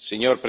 signor presidente